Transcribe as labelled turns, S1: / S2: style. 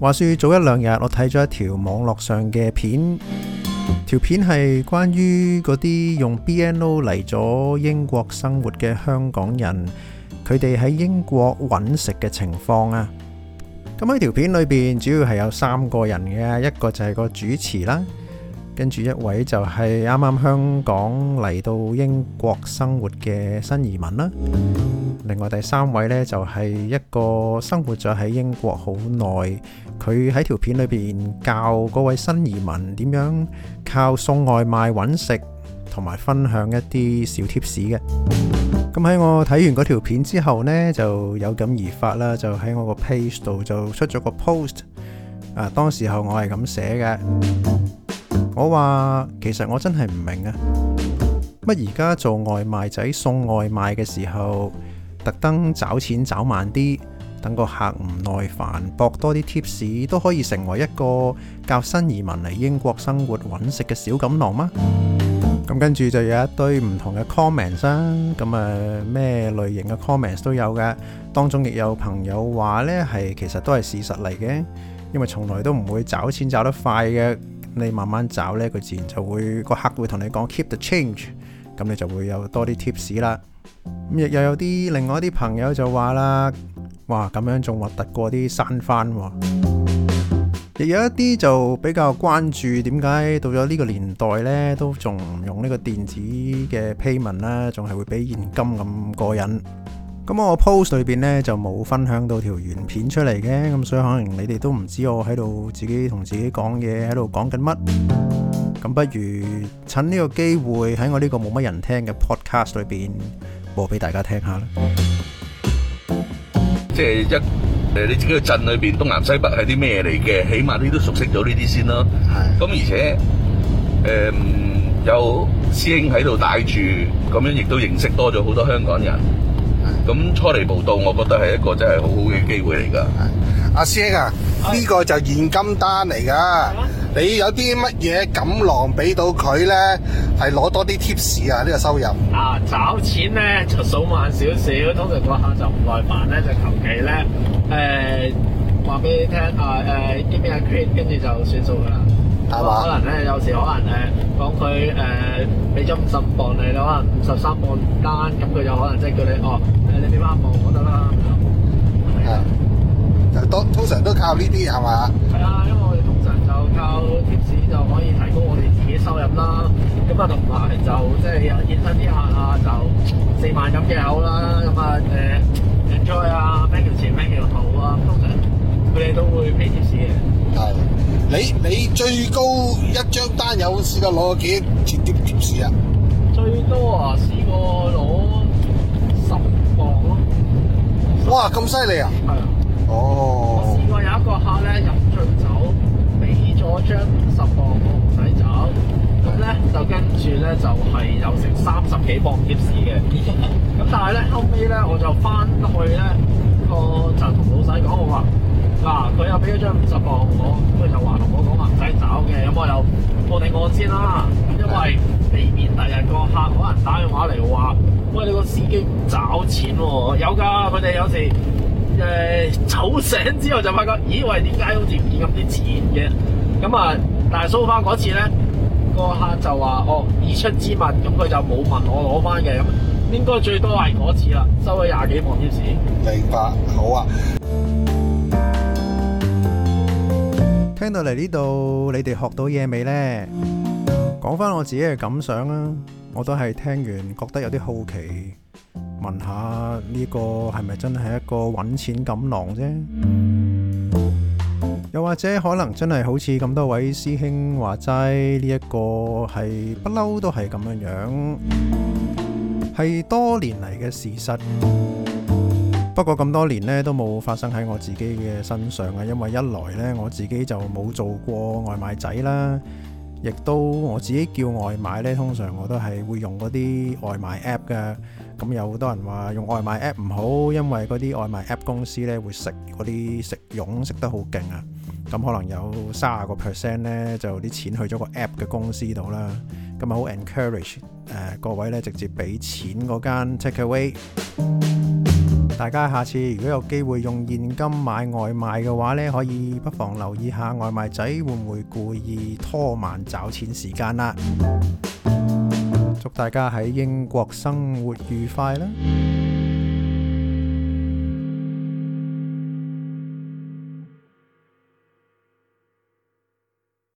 S1: 話說早一兩日，我睇咗一條網絡上嘅片，條片係關於嗰啲用 BNO 嚟咗英國生活嘅香港人，佢哋喺英國揾食嘅情況啊。咁喺條片裏邊，主要係有三個人嘅，一個就係個主持啦，跟住一位就係啱啱香港嚟到英國生活嘅新移民啦。另外第三位呢，就係一個生活咗喺英國好耐，佢喺條片裏邊教嗰位新移民點樣靠送外賣揾食，同埋分享一啲小貼士嘅。咁喺我睇完嗰條片之後呢，就有感而發啦，就喺我個 page 度就出咗個 post。啊，當時候我係咁寫嘅，我話其實我真係唔明啊，乜而家做外賣仔送外賣嘅時候，特登找錢找慢啲，等個客唔耐煩，博多啲 tips 都可以成為一個教新移民嚟英國生活揾食嘅小錦囊嗎？咁 跟住就有一堆唔同嘅 comments 啦、啊，咁啊咩類型嘅 comments 都有嘅，當中亦有朋友話呢，係其實都係事實嚟嘅，因為從來都唔會找錢找得快嘅，你慢慢找呢，佢自然就會個客會同你講 keep the change。咁你就會有多啲 tips 啦。咁亦又有啲另外一啲朋友就話啦，哇，咁樣仲核突過啲山番喎。亦有一啲就比較關注，點解到咗呢個年代呢都仲唔用呢個電子嘅 payment 啦，仲係會比現金咁過癮。咁我 post 裏面呢就冇分享到條原片出嚟嘅，咁所以可能你哋都唔知我喺度自己同自己講嘢，喺度講緊乜。咁不如趁呢個機會喺我呢個冇乜人聽嘅 podcast 裏邊播俾大家聽下咧。
S2: 即係一，誒你自己個鎮裏邊東南西北係啲咩嚟嘅？起碼你都熟悉咗呢啲先啦。係。咁而且誒有師兄喺度帶住，咁樣亦都認識多咗好多香港人。係。咁初嚟報到，我覺得係一個真係好好嘅機會嚟㗎。阿師兄啊，呢個就現金單嚟㗎。你有啲乜嘢錦囊俾到佢咧？係攞多啲 tips 啊！呢個收入啊，找錢咧就數慢少少。通常個客就唔耐煩咧，就求其咧，誒話俾你聽，誒誒，俾邊個 credit，跟住就算數噶啦。係嘛？可能咧，有時可能誒，講佢誒，俾咗五十
S1: 五磅你啦，可能五十
S2: 三磅單，咁佢有可能即係叫你哦，誒，你俾翻一磅都得啦。係，就都通常都靠呢啲係嘛？係啊。有熱身啲客啊，就四萬咁嘅口啦，咁啊誒 enjoy 啊，孭條前孭條後啊，通常佢哋都會俾貼士。係，你你最高一張單有試過攞幾千貼士啊？最多啊，試過攞十磅咯。哇，咁犀利啊！係啊。哦。我試過有一個客咧飲醉酒。咧就係、是、有成三十幾磅貼士嘅，咁但係咧後尾咧我就翻去咧個就同老細講我話嗱，佢、啊、又俾咗張五十磅我，咁佢就話同我講唔使找嘅，咁我又我定我先啦，因為避免第日個客可能打電話嚟話喂，你個司機唔找錢喎。哦，有噶，佢哋有時誒、呃、酒醒之後就發覺，咦，喂，點解好似唔見咁啲錢嘅？咁啊，但係收翻嗰次咧。個客就話哦，已出之物，咁佢就冇問我攞翻嘅。咁應該最多係嗰次啦，收咗廿幾磅貼士。明白，好啊。
S1: 聽到嚟呢度，你哋學到嘢未呢？講翻我自己嘅感想啦，我都係聽完覺得有啲好奇，問下呢個係咪真係一個揾錢錦囊啫？又或者可能真係好似咁多位師兄話齋呢，一個係不嬲，都係咁樣樣，係多年嚟嘅事實。不過咁多年呢都冇發生喺我自己嘅身上啊，因為一來呢我自己就冇做過外賣仔啦，亦都我自己叫外賣呢，通常我都係會用嗰啲外賣 app 嘅。咁有好多人話用外賣 app 唔好，因為嗰啲外賣 app 公司呢會食嗰啲食佣，食得好勁啊。咁可能有三十個 percent 咧，就啲錢去咗個 app 嘅公司度啦。咁啊好 encourage、呃、各位咧，直接俾錢嗰間 takeaway。大家下次如果有機會用現金買外賣嘅話咧，可以不妨留意下外賣仔會唔會故意拖慢找錢時間啦。祝大家喺英國生活愉快啦！